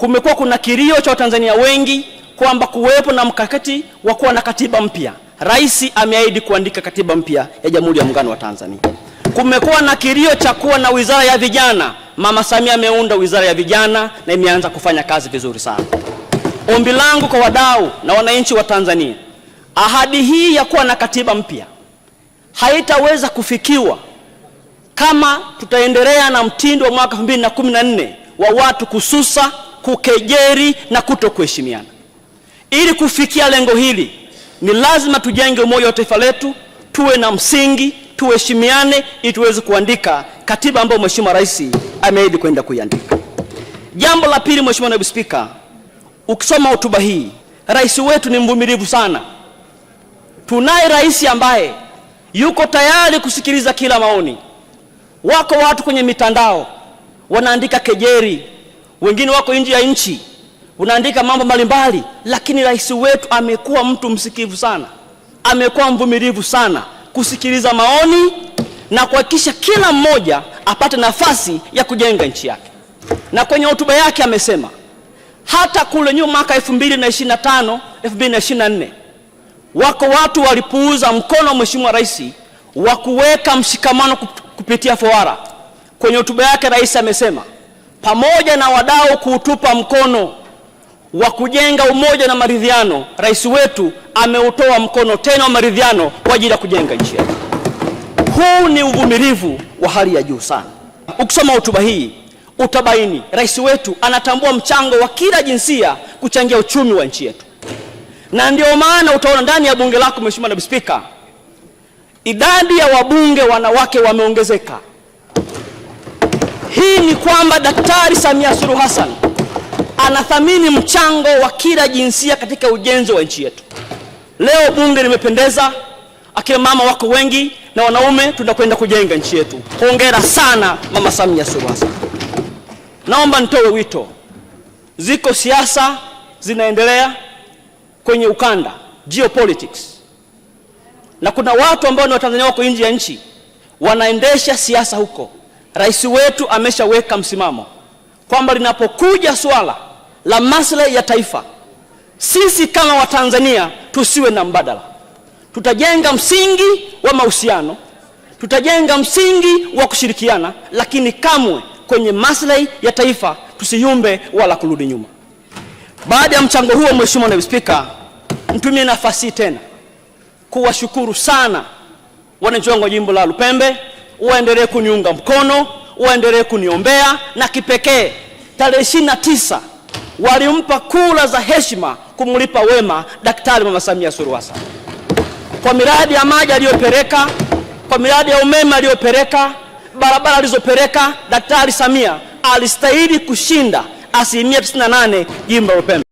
kumekuwa kuna kilio cha Watanzania wengi kwamba kuwepo na mkakati wa kuwa na katiba mpya. Rais ameahidi kuandika katiba mpya ya Jamhuri ya Muungano wa Tanzania. Kumekuwa na kilio cha kuwa na wizara ya vijana. Mama Samia ameunda wizara ya vijana na imeanza kufanya kazi vizuri sana. Ombi langu kwa wadau na wananchi wa Tanzania, ahadi hii ya kuwa na katiba mpya haitaweza kufikiwa kama tutaendelea na mtindo wa mwaka 2014 wa watu kususa kukejeri na kutokuheshimiana Ili kufikia lengo hili, ni lazima tujenge umoja wa taifa letu, tuwe na msingi, tuheshimiane, ili tuweze kuandika katiba ambayo Mheshimiwa Rais ameahidi kwenda kuiandika. Jambo la pili, Mheshimiwa Naibu Spika, ukisoma hotuba hii, rais wetu ni mvumilivu sana. Tunaye rais ambaye yuko tayari kusikiliza kila maoni. Wako watu kwenye mitandao wanaandika kejeri wengine wako nje ya nchi, unaandika mambo mbalimbali, lakini rais wetu amekuwa mtu msikivu sana, amekuwa mvumilivu sana kusikiliza maoni na kuhakikisha kila mmoja apate nafasi ya kujenga nchi yake. Na kwenye hotuba yake amesema hata kule nyuma mwaka 2025 2024 wako watu walipuuza mkono wa mheshimiwa rais wa kuweka mshikamano kupitia fowara. Kwenye hotuba yake rais amesema pamoja na wadau kuutupa mkono wa kujenga umoja na maridhiano, rais wetu ameutoa mkono tena wa maridhiano kwa ajili ya kujenga nchi yetu. Huu ni uvumilivu wa hali ya juu sana. Ukisoma hotuba hii utabaini rais wetu anatambua mchango wa kila jinsia kuchangia uchumi wa nchi yetu, na ndio maana utaona ndani ya bunge lako, Mheshimiwa Naibu Spika, idadi ya wabunge wanawake wameongezeka. Hii ni kwamba Daktari Samia Suluhu Hassan anathamini mchango wa kila jinsia katika ujenzi wa nchi yetu. Leo bunge limependeza, akina mama wako wengi na wanaume, tunakwenda kujenga nchi yetu. Hongera sana Mama Samia Suluhu Hassan. Naomba nitoe wito, ziko siasa zinaendelea kwenye ukanda geopolitics, na kuna watu ambao ni Watanzania wako nje ya nchi wanaendesha siasa huko Rais wetu ameshaweka msimamo kwamba linapokuja swala la maslahi ya taifa, sisi kama Watanzania tusiwe na mbadala. Tutajenga msingi wa mahusiano, tutajenga msingi wa kushirikiana, lakini kamwe kwenye maslahi ya taifa tusiyumbe wala kurudi nyuma. Baada ya mchango huo, Mheshimiwa Naibu Spika, nitumie nafasi tena kuwashukuru sana wananchi wangu wa jimbo la Lupembe uendelee kuniunga mkono, uendelee kuniombea, na kipekee tarehe ishirini na tisa walimpa kula za heshima kumlipa wema Daktari Mama Samia Suluhu Hassan kwa miradi ya maji aliyopeleka, kwa miradi ya umeme aliyopeleka, barabara alizopeleka. Daktari Samia alistahili kushinda asilimia 98 jimbo la Lupembe.